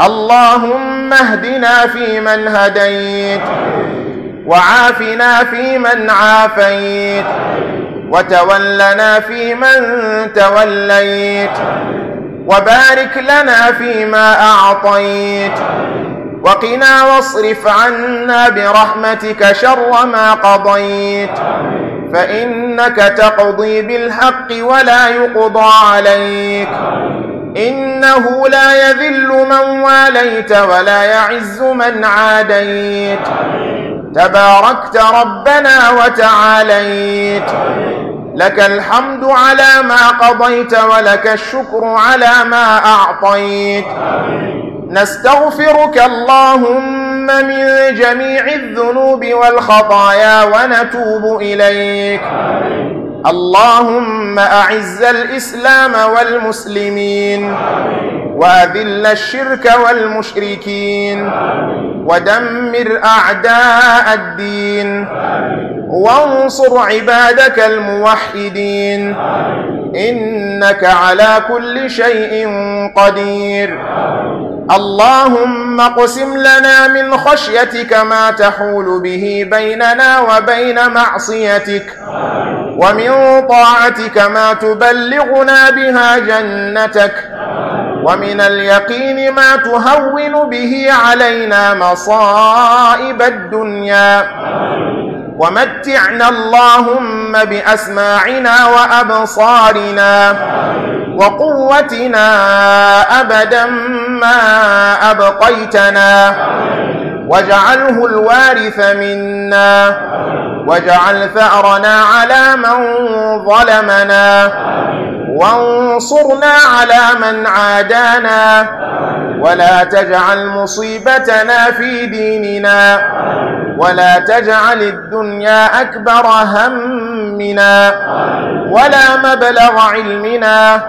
اللهم اهدنا فيمن هديت وعافنا فيمن عافيت وتولنا فيمن توليت وبارك لنا فيما أعطيت وقنا واصرف عنا برحمتك شر ما قضيت فإنك تقضي بالحق ولا يقضى عليك إنه لا يذل من واليت ولا يعز من عاديت تباركت ربنا وتعاليت لك الحمد على ما قضيت ولك الشكر على ما أعطيت نستغفرك اللهم من جميع الذنوب والخطايا ونتوب إليك اللهم أعز الإسلام والمسلمين وأذل الشرك والمشركين ودمر أعداء الدين وانصر عبادك الموحدين إنك على كل شيء قدير اللهم اقسم لنا من خشيتك ما تحول به بيننا وبين معصيتك ومن طاعتك ما تبلغنا بها جنتك ومن اليقين ما تهون به علينا مصائب الدنيا ومتعنا اللهم بأسماعنا وأبصارنا وقوتنا أبدا ما أبقيتنا واجعله الوارث منا واجعل ثأرنا على من ظلمنا وانصرنا على من عادانا ولا تجعل مصيبتنا في ديننا ولا تجعل الدنيا أكبر همنا ولا مبلغ علمنا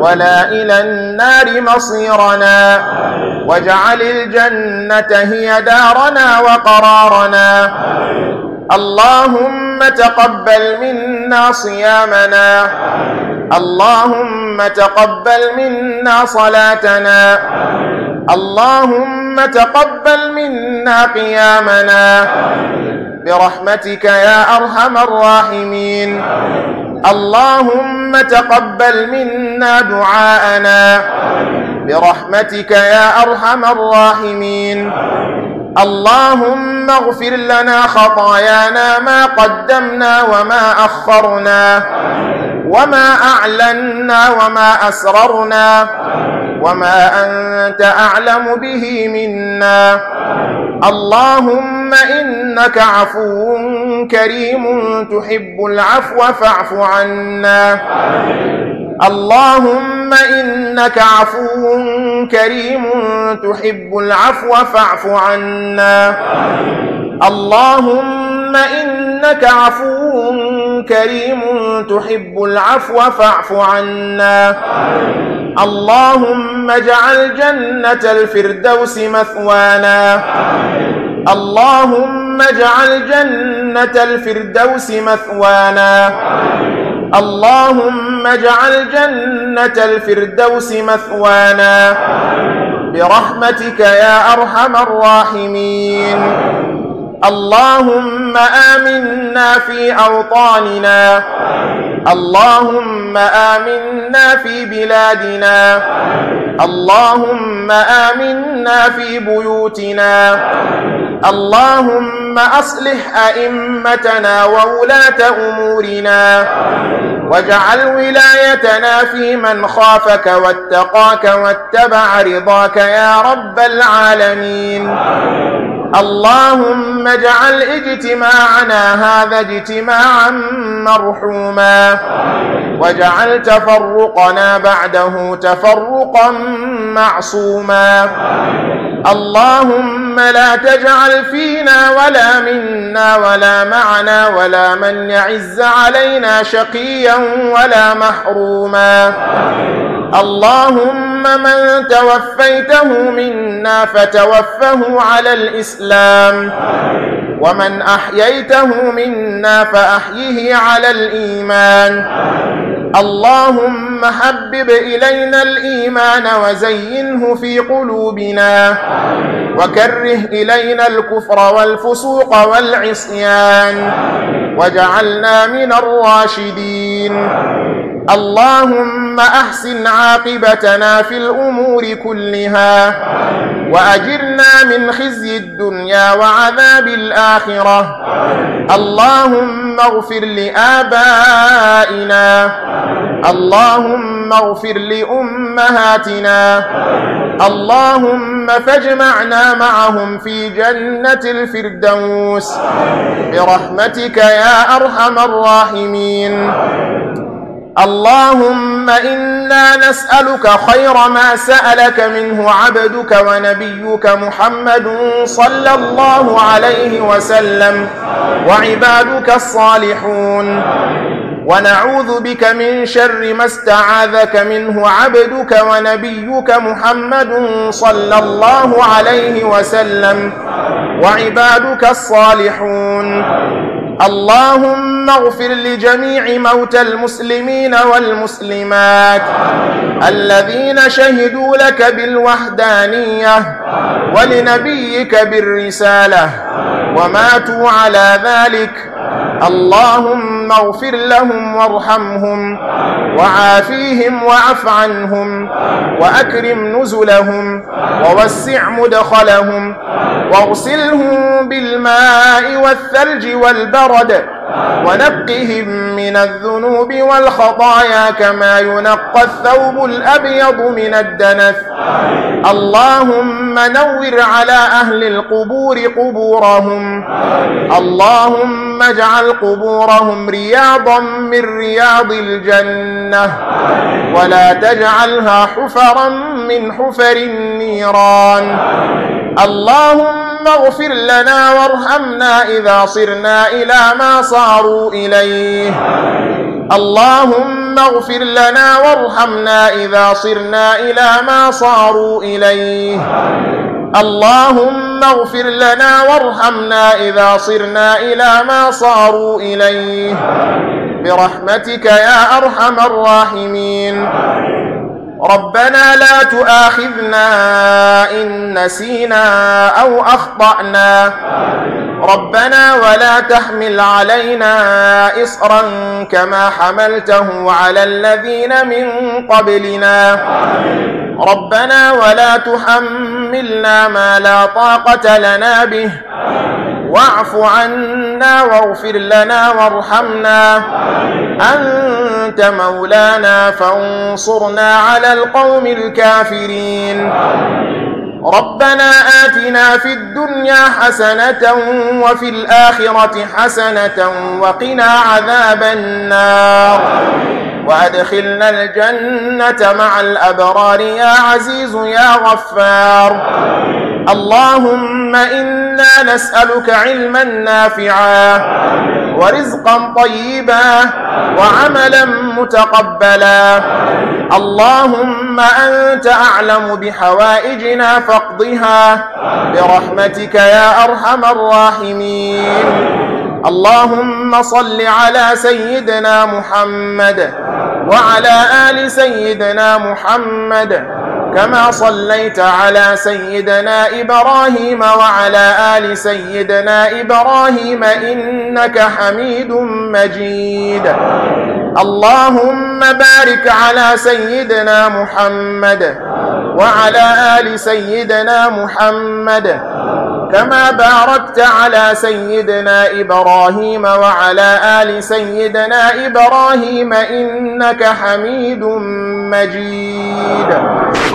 ولا إلى النار مصيرنا واجعل الجنة هي دارنا وقرارنا اللهم تقبل منا صيامنا اللهم تقبل منا صلاتنا اللهم تقبل منا قيامنا برحمتك يا أرحم الراحمين اللهم تقبل منا دعاءنا برحمتك يا أرحم الراحمين اللهم اغفر لنا خطايانا ما قدمنا وما أخرنا وما أعلنا وما أسررنا وما أنت أعلم به منا اللهم إنك عفو كريم تحب العفو فاعف عنا اللهم ثم إنك عفو كريم تحب العفو فاعف عنا اللهم إنك عفو كريم تحب العفو فاعف عنا اللهم اجعل جنة الفردوس مثوانا اللهم اجعل جنة الفردوس مثوانا اللهم اجعل جنة الفردوس مثوانا برحمتك يا أرحم الراحمين اللهم آمنا في أوطاننا اللهم آمنا في بلادنا اللهم آمنا في بيوتنا اللهم أصلح أئمتنا وولاة أمورنا واجعل ولايتنا في من خافك واتقاك واتبع رضاك يا رب العالمين آمين. اللهم اجعل اجتماعنا هذا اجتماعا مرحوما واجعل تفرقنا بعده تفرقا معصوما اللهم لا تجعل فينا ولا منا ولا معنا ولا من يعز علينا شقيا ولا محروما اللهم ثم من توفيته منا فتوفه على الإسلام ومن أحييته منا فأحيه على الإيمان اللهم حبب إلينا الإيمان وزينه في قلوبنا وكره إلينا الكفر والفسوق والعصيان واجعلنا من الراشدين اللهم أحسن عاقبتنا في الأمور كلها وأجرنا من خزي الدنيا وعذاب الآخرة اللهم اغفر لآبائنا اللهم اغفر لأمهاتنا اللهم فاجمعنا معهم في جنة الفردوس برحمتك يا أرحم الراحمين اللهم إنا نسألك خير ما سألك منه عبدك ونبيك محمد صلى الله عليه وسلم وعبادك الصالحون ونعوذ بك من شر ما استعاذك منه عبدك ونبيك محمد صلى الله عليه وسلم وعبادك الصالحون اللهم اغفر لجميع موتى المسلمين والمسلمات الذين شهدوا لك بالوحدانية ولنبيك بالرسالة وماتوا على ذلك اللهم اغفر لهم وارحمهم وعافيهم واعف عنهم وأكرم نزلهم ووسع مدخلهم واغسلهم بالماء والثلج والبرد ونقهم من الذنوب والخطايا كما ينقى الثوب الأبيض من الدنس اللهم نور على أهل القبور قبورهم اللهم اجعل قبورهم رياضا من رياض الجنة ولا تجعلها حفرا من حفر النيران اللهم اغفر لنا وارحمنا إذا صرنا إلى ما صاروا إليه اللهم اغفر لنا وارحمنا إذا صرنا إلى ما صاروا إليه اللهم اللهم اغفر لنا وارحمنا إذا صرنا إلى ما صاروا إليه برحمتك يا أرحم الراحمين ربنا لا تؤاخذنا إن نسينا أو أخطأنا ربنا ولا تحمل علينا إصرا كما حملته على الذين من قبلنا آمين ربنا ولا تحملنا ما لا طاقة لنا به واعف عنا واغفر لنا وارحمنا أنت مولانا فانصرنا على القوم الكافرين ربنا آتنا في الدنيا حسنة وفي الآخرة حسنة وقنا عذاب النار وأدخلنا الجنة مع الأبرار يا عزيز يا غفار اللهم إنا نسألك علما نافعا ورزقا طيبا وعملا متقبلا اللهم أنت أعلم بحوائجنا فاقضها برحمتك يا أرحم الراحمين اللهم صل على سيدنا محمد وعلى آل سيدنا محمد كما صليت على سيدنا إبراهيم وعلى آل سيدنا إبراهيم إنك حميد مجيد اللهم بارك على سيدنا محمد وعلى آل سيدنا محمد كما باركت على سيدنا إبراهيم وعلى آل سيدنا إبراهيم إنك حميد مجيد